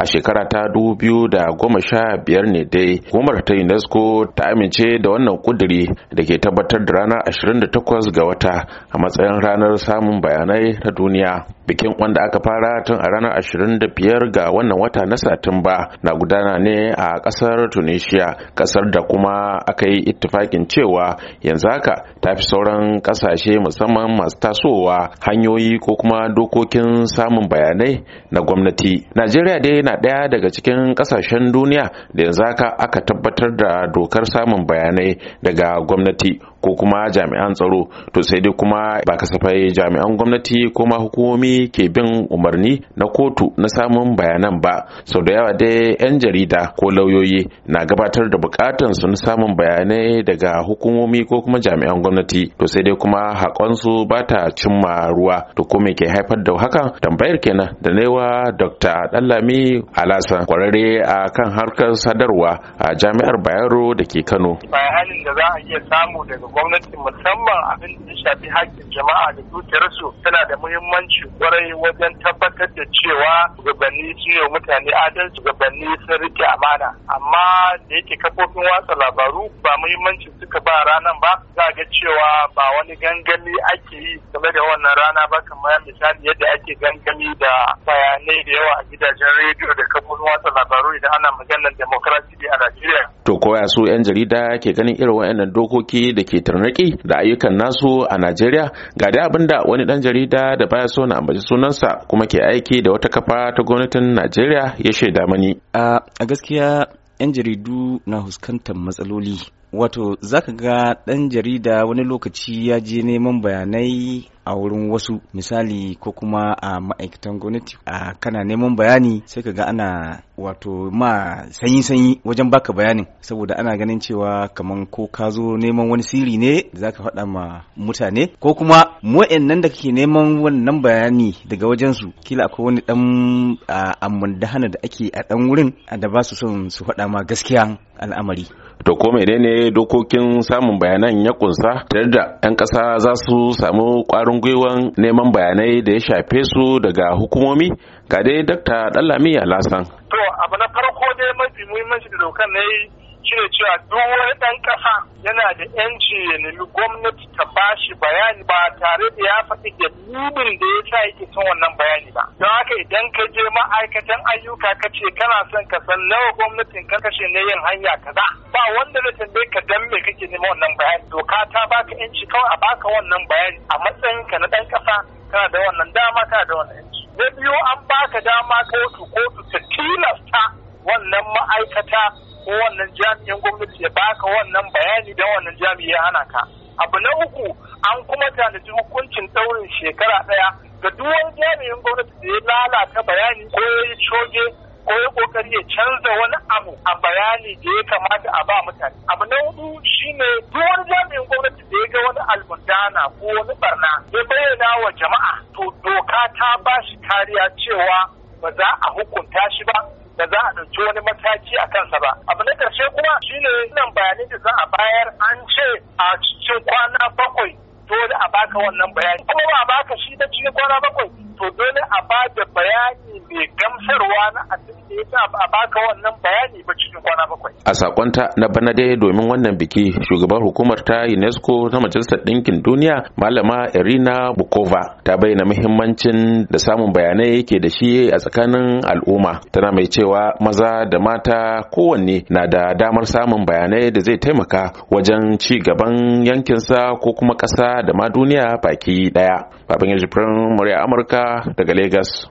a shekara ta biyu da goma sha biyar ne dai hukumar ta unesco ta amince da wannan kuduri da ke tabbatar da ranar da 28 ga wata a matsayin ranar samun bayanai ta duniya bikin wanda aka fara tun a ranar 25 ga wannan wata na satumba na gudana ne a kasar tunisia kasar da kuma aka yi ittifakin cewa yanzu haka ta fi sauran kasashe musamman masu tasowa hanyoyi ko kuma dokokin samun bayanai na gwamnati najeriya dai na ɗaya daga cikin kasashen duniya da yanzu haka aka tabbatar da dokar samun bayanai daga gwamnati ko kuma jami'an tsaro to sai dai kuma ba kasafai jami'an gwamnati ko ma hukumomi ke bin umarni na kotu na samun bayanan ba sau da yawa dai 'yan jarida ko lauyoyi na gabatar da bukatan su na samun bayanai daga hukumomi ko kuma jami'an gwamnati to sai dai kuma hakonsu ba ta cimma ruwa to ko me ke haifar da hakan tambayar kenan da naiwa dr dallami alasa kwararre a kan harkar sadarwa a jami'ar bayero da ke kano ba halin da za a iya samu daga gwamnati musamman abin da ya shafi hakkin jama'a da su tana da muhimmanci kwarai wajen tabbatar da cewa shugabanni sun yi mutane adalci shugabanni sun rike amana amma da yake kafofin watsa labaru ba muhimmanci suka ba ranan ba za ga cewa ba wani gangami ake yi game da wannan rana ba kamar misali yadda ake gangami da bayanai da yawa a gidajen rediyo da kafofin watsa labaru idan ana maganar demokrasi a Najeriya. To koya su 'yan jarida ke ganin irin wa'annan dokoki da ke ke da ayyukan nasu a Najeriya ga dai abin da wani dan jarida da baya so na ambaci sunansa kuma ke aiki da wata kafa ta gwamnatin Najeriya ya shaida mani. A gaskiya 'yan jaridu na huskantar matsaloli wato zaka ga ɗan jarida wani lokaci ya je neman bayanai a wurin wasu misali ko kuma a ma'aikatan gwamnati a kana neman bayani sai ka ga ana wato ma sanyi-sanyi wajen baka bayanin saboda ana ganin cewa kaman ko ka zo neman wani sirri ne za ka faɗa ma mutane ko kuma nan da kake neman wannan bayani daga wajensu kila akwai wani ɗan hana da ake a ɗan wurin da ba su son su faɗa ma gaskiya al'amari to ko menene dokokin samun bayanan ya kunsa tare da 'yan ƙasa za su samu ƙwarin gwiwan neman bayanai da ya shafe su daga hukumomi ga dai dakta dallami alasan to abu na farko dai mafi muhimmanci da dokar na yi ne cewa duk wani dan kasa yana da yanci ya nemi gwamnati ta bashi bayani ba tare da dalilin da ya sa yake son wannan bayani ba don haka idan ka je ma'aikatan ayyuka ka ce kana son ka san nawa gwamnatin ka kashe na yin hanya kaza ba wanda na tambaye ka dan me kake nema wannan bayani doka ta baka yanci kawai a baka wannan bayani a matsayin ka na dan kasa kana da wannan dama kana da wannan yanci na biyu an baka dama kotu kotu ta tilasta wannan ma'aikata ko wannan jami'in gwamnati ya baka wannan bayani da wannan jami'i ya hana ka abu na uku an kuma tanaji hukuncin saurin shekara ɗaya ga duk wani jami'in gwamnati da ya lalata bayani ko ya yi coge ko ya kokari ya canza wani abu a bayani da ya kamata a ba mutane abu na hudu shine duk wani jami'in gwamnati da ya ga wani almundana ko wani barna ya bayyana wa jama'a to doka ta ba shi kariya cewa ba za a hukunta shi ba da za a ɗauki wani mataki a kansa ba. Abu na ƙarshe kuma shine nan bayanin da za a bayar an ce a cikin kwana bakwai dole a baka wannan bayani kuma ba baka shi da cikin kwana bakwai to dole a ba da bayani mai gamsarwa na abin da ya sa a baka wannan bayani ba cikin kwana bakwai a sakonta na bana dai domin wannan biki shugaban hukumar ta UNESCO ta majalisar ɗinkin duniya malama Irina Bukova ta bayyana muhimmancin da samun bayanai ke da shi a tsakanin al'umma tana mai cewa maza da mata kowanne na da damar samun bayanai da zai taimaka wajen ci gaban yankinsa ko kuma ƙasa da ma duniya baki daya babban yajibirin murya amurka daga Legas.